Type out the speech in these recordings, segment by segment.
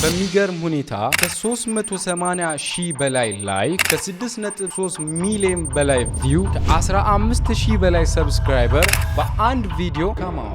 በሚገርም ሁኔታ ከ380 ሺህ በላይ ላይክ፣ ከ6.3 ሚሊዮን በላይ ቪው፣ ከ15 ሺህ በላይ ሰብስክራይበር በአንድ ቪዲዮ ከማን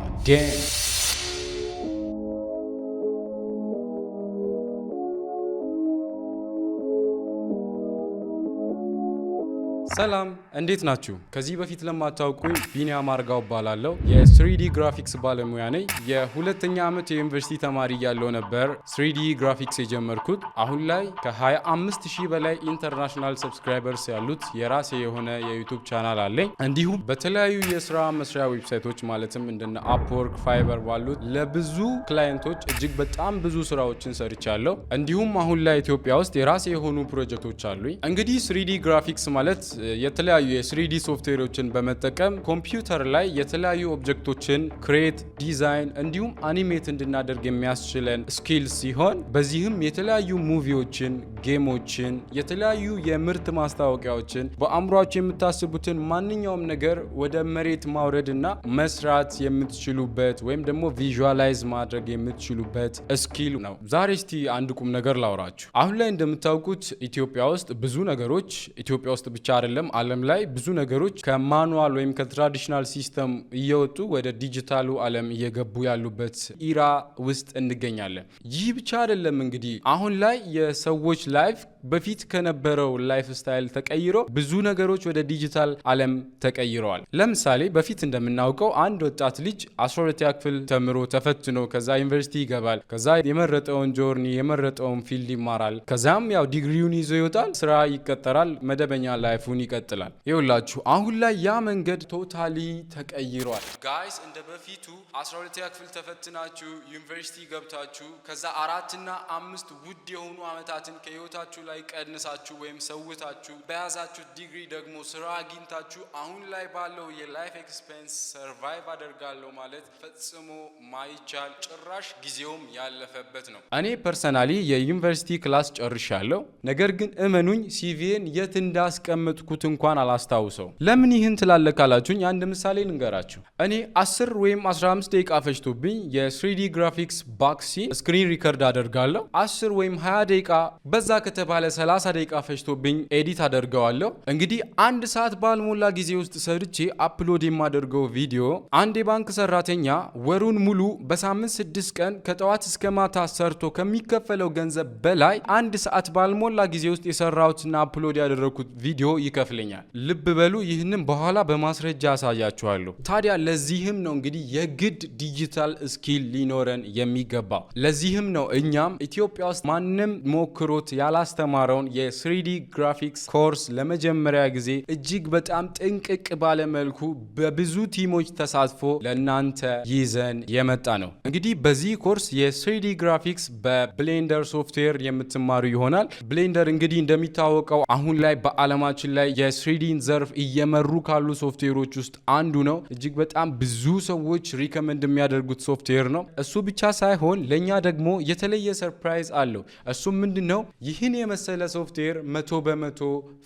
ሰላም እንዴት ናችሁ? ከዚህ በፊት ለማታውቁኝ ቢኒያም አርጋው እባላለሁ። የስሪዲ ግራፊክስ ባለሙያ ነኝ። የሁለተኛ ዓመት የዩኒቨርሲቲ ተማሪ እያለሁ ነበር ስሪዲ ግራፊክስ የጀመርኩት። አሁን ላይ ከ25 ሺህ በላይ ኢንተርናሽናል ሰብስክራይበርስ ያሉት የራሴ የሆነ የዩቱብ ቻናል አለኝ። እንዲሁም በተለያዩ የስራ መስሪያ ዌብሳይቶች ማለትም እንደነ አፕወርክ፣ ፋይበር ባሉት ለብዙ ክላየንቶች እጅግ በጣም ብዙ ስራዎችን ሰርቻለሁ። እንዲሁም አሁን ላይ ኢትዮጵያ ውስጥ የራሴ የሆኑ ፕሮጀክቶች አሉኝ። እንግዲህ ስሪዲ ግራፊክስ ማለት የተለያዩ የስሪዲ ሶፍትዌሮችን በመጠቀም ኮምፒውተር ላይ የተለያዩ ኦብጀክቶችን ክሬት፣ ዲዛይን እንዲሁም አኒሜት እንድናደርግ የሚያስችለን ስኪል ሲሆን በዚህም የተለያዩ ሙቪዎችን፣ ጌሞችን፣ የተለያዩ የምርት ማስታወቂያዎችን በአእምሯቸው የምታስቡትን ማንኛውም ነገር ወደ መሬት ማውረድ እና መስራት የምትችሉበት ወይም ደግሞ ቪዥዋላይዝ ማድረግ የምትችሉበት ስኪል ነው። ዛሬ እስቲ አንድ ቁም ነገር ላውራችሁ። አሁን ላይ እንደምታውቁት ኢትዮጵያ ውስጥ ብዙ ነገሮች ኢትዮጵያ ውስጥ ብቻ አይደለም። ዓለም ላይ ብዙ ነገሮች ከማኑዋል ወይም ከትራዲሽናል ሲስተም እየወጡ ወደ ዲጂታሉ ዓለም እየገቡ ያሉበት ኢራ ውስጥ እንገኛለን። ይህ ብቻ አይደለም እንግዲህ አሁን ላይ የሰዎች ላይፍ በፊት ከነበረው ላይፍ ስታይል ተቀይሮ ብዙ ነገሮች ወደ ዲጂታል ዓለም ተቀይረዋል። ለምሳሌ በፊት እንደምናውቀው አንድ ወጣት ልጅ 12ኛ ክፍል ተምሮ ተፈትኖ ከዛ ዩኒቨርሲቲ ይገባል። ከዛ የመረጠውን ጆርኒ የመረጠውን ፊልድ ይማራል። ከዛም ያው ዲግሪውን ይዞ ይወጣል፣ ስራ ይቀጠራል፣ መደበኛ ላይፉን ይቀጥላል። ይውላችሁ አሁን ላይ ያ መንገድ ቶታሊ ተቀይሯል። ጋይስ እንደ በፊቱ 12ኛ ክፍል ተፈትናችሁ ዩኒቨርሲቲ ገብታችሁ ከዛ አራትና አምስት ውድ የሆኑ ዓመታትን ከህይወታችሁ ላይ ቀንሳችሁ ወይም ሰውታችሁ በያዛችሁ ዲግሪ ደግሞ ስራ አግኝታችሁ አሁን ላይ ባለው የላይፍ ኤክስፔንስ ሰርቫይቭ አደርጋለሁ ማለት ፈጽሞ ማይቻል ጭራሽ ጊዜውም ያለፈበት ነው። እኔ ፐርሰናሊ የዩኒቨርሲቲ ክላስ ጨርሻለሁ። ነገር ግን እመኑኝ ሲቪን የት እንዳስቀመጥኩት እንኳን አላስታውሰው። ለምን ይህን ትላለ ካላችሁኝ አንድ ምሳሌ ልንገራችሁ። እኔ 10 ወይም 15 ደቂቃ ፈጅቶብኝ የስሪዲ ግራፊክስ ባክሲን ስክሪን ሪከርድ አደርጋለሁ። 10 ወይም 20 ደቂቃ በዛ ከተባለ የተሻለ 30 ደቂቃ ፈጅቶብኝ ኤዲት አደርገዋለሁ። እንግዲህ አንድ ሰዓት ባልሞላ ጊዜ ውስጥ ሰርቼ አፕሎድ የማደርገው ቪዲዮ አንድ የባንክ ሰራተኛ ወሩን ሙሉ በሳምንት ስድስት ቀን ከጠዋት እስከ ማታ ሰርቶ ከሚከፈለው ገንዘብ በላይ አንድ ሰዓት ባልሞላ ጊዜ ውስጥ የሰራሁትና አፕሎድ ያደረግኩት ቪዲዮ ይከፍለኛል። ልብ በሉ። ይህንም በኋላ በማስረጃ አሳያችኋለሁ። ታዲያ ለዚህም ነው እንግዲህ የግድ ዲጂታል ስኪል ሊኖረን የሚገባው። ለዚህም ነው እኛም ኢትዮጵያ ውስጥ ማንም ሞክሮት ያላስተማ የተማረውን የስሪዲ ግራፊክስ ኮርስ ለመጀመሪያ ጊዜ እጅግ በጣም ጥንቅቅ ባለመልኩ በብዙ ቲሞች ተሳትፎ ለእናንተ ይዘን የመጣ ነው። እንግዲህ በዚህ ኮርስ የስሪዲ ግራፊክስ በብሌንደር ሶፍትዌር የምትማሩ ይሆናል። ብሌንደር እንግዲህ እንደሚታወቀው አሁን ላይ በዓለማችን ላይ የስሪዲን ዘርፍ እየመሩ ካሉ ሶፍትዌሮች ውስጥ አንዱ ነው። እጅግ በጣም ብዙ ሰዎች ሪከመንድ የሚያደርጉት ሶፍትዌር ነው። እሱ ብቻ ሳይሆን ለእኛ ደግሞ የተለየ ሰርፕራይዝ አለው። እሱም ምንድን ነው? ይህን የመ የመሰለ ሶፍትዌር መቶ በመቶ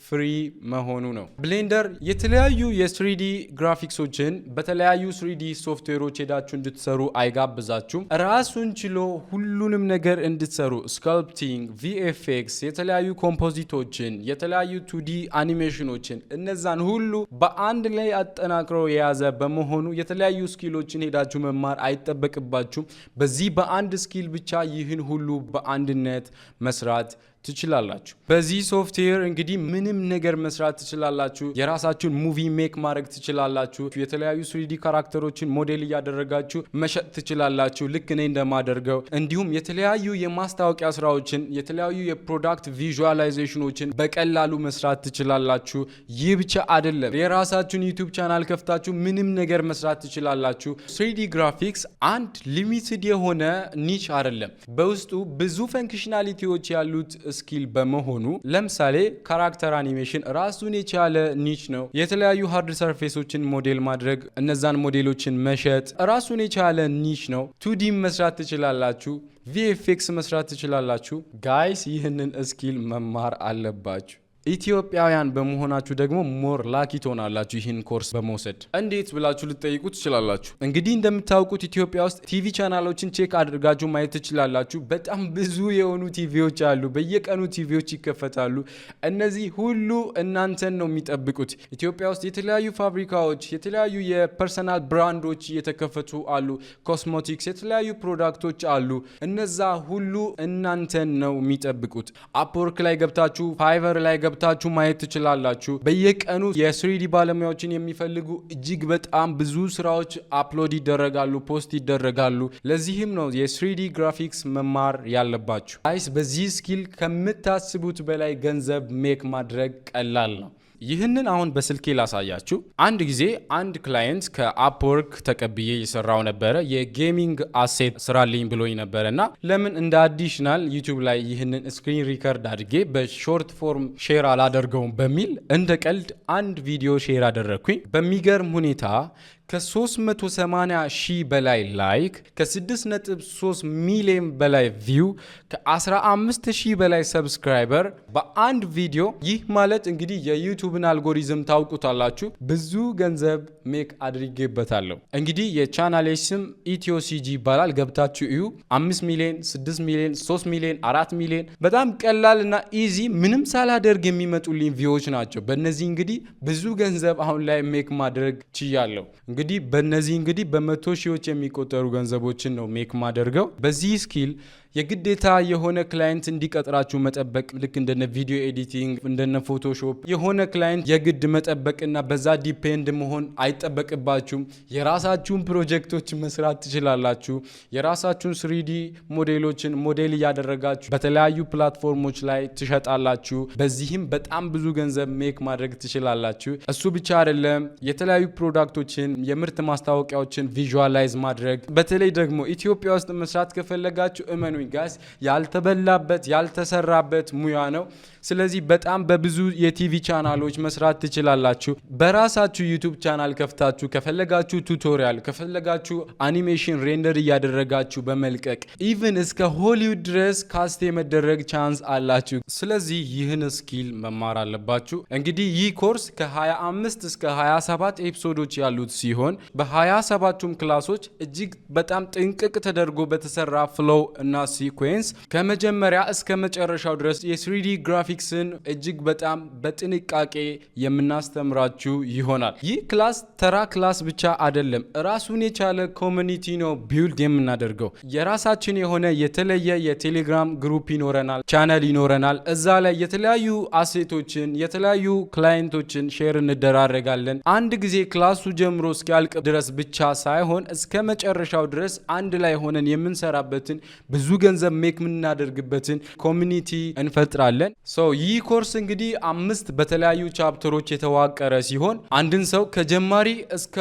ፍሪ መሆኑ ነው። ብሌንደር የተለያዩ የስሪዲ ግራፊክሶችን በተለያዩ ስሪዲ ሶፍትዌሮች ሄዳችሁ እንድትሰሩ አይጋብዛችሁም። ራሱን ችሎ ሁሉንም ነገር እንድትሰሩ ስካልፕቲንግ፣ ቪኤፍኤክስ፣ የተለያዩ ኮምፖዚቶችን፣ የተለያዩ ቱዲ አኒሜሽኖችን እነዛን ሁሉ በአንድ ላይ አጠናክሮ የያዘ በመሆኑ የተለያዩ ስኪሎችን ሄዳችሁ መማር አይጠበቅባችሁም። በዚህ በአንድ ስኪል ብቻ ይህን ሁሉ በአንድነት መስራት ትችላላችሁ። በዚህ ሶፍትዌር እንግዲህ ምንም ነገር መስራት ትችላላችሁ። የራሳችሁን ሙቪ ሜክ ማድረግ ትችላላችሁ። የተለያዩ ስሪዲ ካራክተሮችን ሞዴል እያደረጋችሁ መሸጥ ትችላላችሁ፣ ልክ እኔ እንደማደርገው። እንዲሁም የተለያዩ የማስታወቂያ ስራዎችን፣ የተለያዩ የፕሮዳክት ቪዥዋላይዜሽኖችን በቀላሉ መስራት ትችላላችሁ። ይህ ብቻ አይደለም፣ የራሳችሁን ዩቱብ ቻናል ከፍታችሁ ምንም ነገር መስራት ትችላላችሁ። ስሪዲ ግራፊክስ አንድ ሊሚትድ የሆነ ኒች አይደለም። በውስጡ ብዙ ፈንክሽናሊቲዎች ያሉት ስኪል በመሆኑ ለምሳሌ ካራክተር አኒሜሽን ራሱን የቻለ ኒች ነው። የተለያዩ ሃርድ ሰርፌሶችን ሞዴል ማድረግ፣ እነዛን ሞዴሎችን መሸጥ ራሱን የቻለ ኒች ነው። ቱዲም መስራት ትችላላችሁ፣ ቪኤፍኤክስ መስራት ትችላላችሁ። ጋይስ ይህንን ስኪል መማር አለባችሁ። ኢትዮጵያውያን በመሆናችሁ ደግሞ ሞር ላኪ ትሆናላችሁ። ይህን ኮርስ በመውሰድ እንዴት ብላችሁ ልትጠይቁ ትችላላችሁ። እንግዲህ እንደምታውቁት ኢትዮጵያ ውስጥ ቲቪ ቻናሎችን ቼክ አድርጋችሁ ማየት ትችላላችሁ። በጣም ብዙ የሆኑ ቲቪዎች አሉ። በየቀኑ ቲቪዎች ይከፈታሉ። እነዚህ ሁሉ እናንተን ነው የሚጠብቁት። ኢትዮጵያ ውስጥ የተለያዩ ፋብሪካዎች፣ የተለያዩ የፐርሰናል ብራንዶች እየተከፈቱ አሉ። ኮስሞቲክስ፣ የተለያዩ ፕሮዳክቶች አሉ። እነዛ ሁሉ እናንተን ነው የሚጠብቁት። አፕወርክ ላይ ገብታችሁ ፋይቨር ላይ ገብታችሁ ማየት ትችላላችሁ። በየቀኑ የስሪዲ ባለሙያዎችን የሚፈልጉ እጅግ በጣም ብዙ ስራዎች አፕሎድ ይደረጋሉ፣ ፖስት ይደረጋሉ። ለዚህም ነው የስሪዲ ግራፊክስ መማር ያለባችሁ። አይስ በዚህ ስኪል ከምታስቡት በላይ ገንዘብ ሜክ ማድረግ ቀላል ነው። ይህንን አሁን በስልኬ ላሳያችሁ። አንድ ጊዜ አንድ ክላየንት ከአፕወርክ ተቀብዬ የሰራው ነበረ የጌሚንግ አሴት ስራልኝ ብሎኝ ነበረ እና ለምን እንደ አዲሽናል ዩቱብ ላይ ይህንን ስክሪን ሪከርድ አድርጌ በሾርት ፎርም ሼር አላደርገውም በሚል እንደ ቀልድ አንድ ቪዲዮ ሼር አደረግኩኝ። በሚገርም ሁኔታ ከ380 ሺህ በላይ ላይክ፣ ከ6.3 ሚሊዮን በላይ ቪው፣ ከ15 ሺህ በላይ ሰብስክራይበር በአንድ ቪዲዮ። ይህ ማለት እንግዲህ የዩቱብን አልጎሪዝም ታውቁታላችሁ። ብዙ ገንዘብ ሜክ አድርጌበታለሁ። እንግዲህ የቻናሌ ስም ኢትዮ ሲጂ ይባላል። ገብታችሁ እዩ። 5 ሚሊዮን፣ 6 ሚሊዮን፣ 3 ሚሊዮን፣ 4 ሚሊዮን በጣም ቀላል ና ኢዚ ምንም ሳላደርግ የሚመጡልኝ ቪዎች ናቸው። በእነዚህ እንግዲህ ብዙ ገንዘብ አሁን ላይ ሜክ ማድረግ ችያለሁ። እንግዲህ በእነዚህ እንግዲህ በመቶ ሺዎች የሚቆጠሩ ገንዘቦችን ነው ሜክ ማደርገው በዚህ ስኪል የግዴታ የሆነ ክላይንት እንዲቀጥራችሁ መጠበቅ ልክ እንደነ ቪዲዮ ኤዲቲንግ እንደነ ፎቶሾፕ የሆነ ክላይንት የግድ መጠበቅና በዛ ዲፔንድ መሆን አይጠበቅባችሁም። የራሳችሁን ፕሮጀክቶች መስራት ትችላላችሁ። የራሳችሁን ስሪዲ ሞዴሎችን ሞዴል እያደረጋችሁ በተለያዩ ፕላትፎርሞች ላይ ትሸጣላችሁ። በዚህም በጣም ብዙ ገንዘብ ሜክ ማድረግ ትችላላችሁ። እሱ ብቻ አይደለም፣ የተለያዩ ፕሮዳክቶችን የምርት ማስታወቂያዎችን ቪዥዋላይዝ ማድረግ በተለይ ደግሞ ኢትዮጵያ ውስጥ መስራት ከፈለጋችሁ እመኑኝ ጋዝ ያልተበላበት ያልተሰራበት ሙያ ነው። ስለዚህ በጣም በብዙ የቲቪ ቻናሎች መስራት ትችላላችሁ። በራሳችሁ ዩቱብ ቻናል ከፍታችሁ ከፈለጋችሁ ቱቶሪያል፣ ከፈለጋችሁ አኒሜሽን ሬንደር እያደረጋችሁ በመልቀቅ ኢቭን እስከ ሆሊውድ ድረስ ካስት የመደረግ ቻንስ አላችሁ። ስለዚህ ይህን ስኪል መማር አለባችሁ። እንግዲህ ይህ ኮርስ ከ25 እስከ 27 ኤፒሶዶች ያሉት ሲሆን በ27ቱም ክላሶች እጅግ በጣም ጥንቅቅ ተደርጎ በተሰራ ፍሎው እና ሲኩዌንስ ከመጀመሪያ እስከ መጨረሻው ድረስ የስሪዲ ግራፊክስን እጅግ በጣም በጥንቃቄ የምናስተምራችሁ ይሆናል። ይህ ክላስ ተራ ክላስ ብቻ አይደለም፣ ራሱን የቻለ ኮሚኒቲ ነው ቢውልድ የምናደርገው። የራሳችን የሆነ የተለየ የቴሌግራም ግሩፕ ይኖረናል፣ ቻነል ይኖረናል። እዛ ላይ የተለያዩ አሴቶችን የተለያዩ ክላይንቶችን ሼር እንደራረጋለን። አንድ ጊዜ ክላሱ ጀምሮ እስኪያልቅ ድረስ ብቻ ሳይሆን እስከ መጨረሻው ድረስ አንድ ላይ ሆነን የምንሰራበትን ብዙ ብዙ ገንዘብ ሜክ የምናደርግበትን ኮሚኒቲ እንፈጥራለን። ሶ ይህ ኮርስ እንግዲህ አምስት በተለያዩ ቻፕተሮች የተዋቀረ ሲሆን አንድን ሰው ከጀማሪ እስከ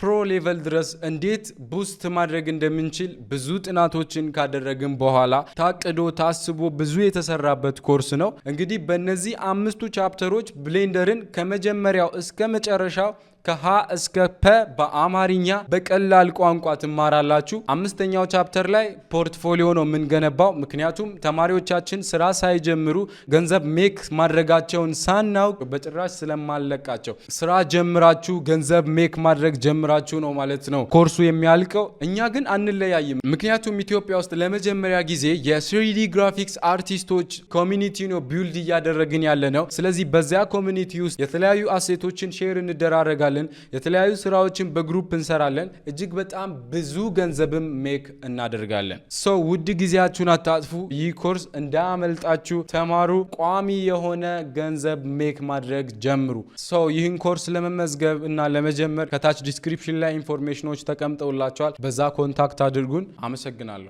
ፕሮ ሌቨል ድረስ እንዴት ቡስት ማድረግ እንደምንችል ብዙ ጥናቶችን ካደረግን በኋላ ታቅዶ ታስቦ ብዙ የተሰራበት ኮርስ ነው። እንግዲህ በእነዚህ አምስቱ ቻፕተሮች ብሌንደርን ከመጀመሪያው እስከ መጨረሻው ከሀ እስከ ፐ በአማርኛ በቀላል ቋንቋ ትማራላችሁ። አምስተኛው ቻፕተር ላይ ፖርትፎሊዮ ነው የምንገነባው። ምክንያቱም ተማሪዎቻችን ስራ ሳይጀምሩ ገንዘብ ሜክ ማድረጋቸውን ሳናውቅ በጭራሽ ስለማለቃቸው ስራ ጀምራችሁ ገንዘብ ሜክ ማድረግ ጀምራ ጀምራችሁ ነው ማለት ነው ኮርሱ የሚያልቀው። እኛ ግን አንለያይም፣ ምክንያቱም ኢትዮጵያ ውስጥ ለመጀመሪያ ጊዜ የስሪዲ ግራፊክስ አርቲስቶች ኮሚኒቲ ነው ቢውልድ እያደረግን ያለ ነው። ስለዚህ በዚያ ኮሚኒቲ ውስጥ የተለያዩ አሴቶችን ሼር እንደራረጋለን፣ የተለያዩ ስራዎችን በግሩፕ እንሰራለን፣ እጅግ በጣም ብዙ ገንዘብም ሜክ እናደርጋለን። ሶ ውድ ጊዜያችሁን አታጥፉ። ይህ ኮርስ እንዳያመልጣችሁ ተማሩ። ቋሚ የሆነ ገንዘብ ሜክ ማድረግ ጀምሩ። ሰው ይህን ኮርስ ለመመዝገብ እና ለመጀመር ከታች ዲስክሪፕ ዲስክሪፕሽን ላይ ኢንፎርሜሽኖች ተቀምጠውላቸዋል። በዛ ኮንታክት አድርጉን። አመሰግናለሁ።